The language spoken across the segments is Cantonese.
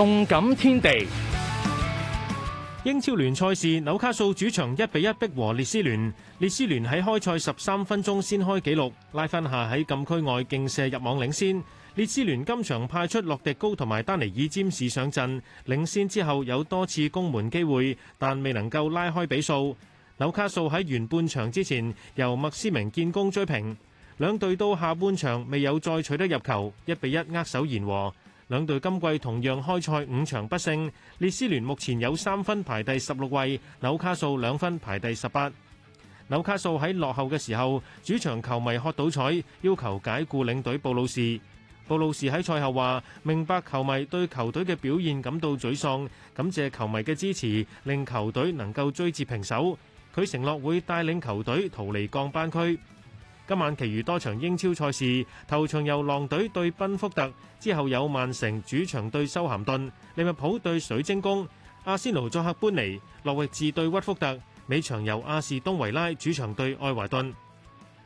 動感天地，英超聯賽事，紐卡素主場一比一逼和列斯聯。列斯聯喺開賽十三分鐘先開紀錄，拉芬夏喺禁區外勁射入網領先。列斯聯今場派出洛迪高同埋丹尼爾占士上陣，領先之後有多次攻門機會，但未能夠拉開比數。紐卡素喺完半場之前由麥斯明建功追平，兩隊到下半場未有再取得入球，一比一握手言和。兩隊今季同樣開賽五場不勝，列斯聯目前有三分排第十六位，紐卡素兩分排第十八。紐卡素喺落後嘅時候，主場球迷喝倒彩，要求解僱領隊布魯士。布魯士喺賽後話：明白球迷對球隊嘅表現感到沮喪，感謝球迷嘅支持，令球隊能夠追至平手。佢承諾會帶領球隊逃離降班區。今晚其餘多場英超賽事，頭場由狼隊對賓福特，之後有曼城主場對修咸頓、利物浦對水晶宮、阿仙奴作客般尼、諾域治對屈福特，尾場由阿士東維拉主場對愛華頓。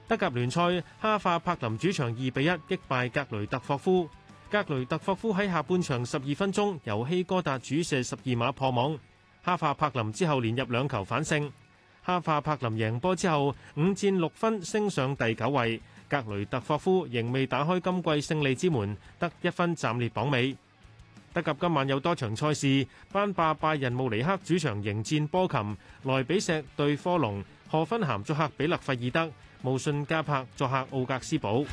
德甲聯賽，哈法柏林主場二比一擊敗格雷特霍夫，格雷特霍夫喺下半場十二分鐘由希哥達主射十二碼破網，哈法柏林之後連入兩球反勝。哈化柏林贏波之後，五戰六分，升上第九位。格雷特霍夫仍未打開今季勝利之門，得一分暫列榜尾。德甲今晚有多場賽事，班霸拜仁慕尼黑主場迎戰波琴，萊比錫對科隆，荷芬咸作客比勒費爾德，慕遜加柏作客奧格斯堡。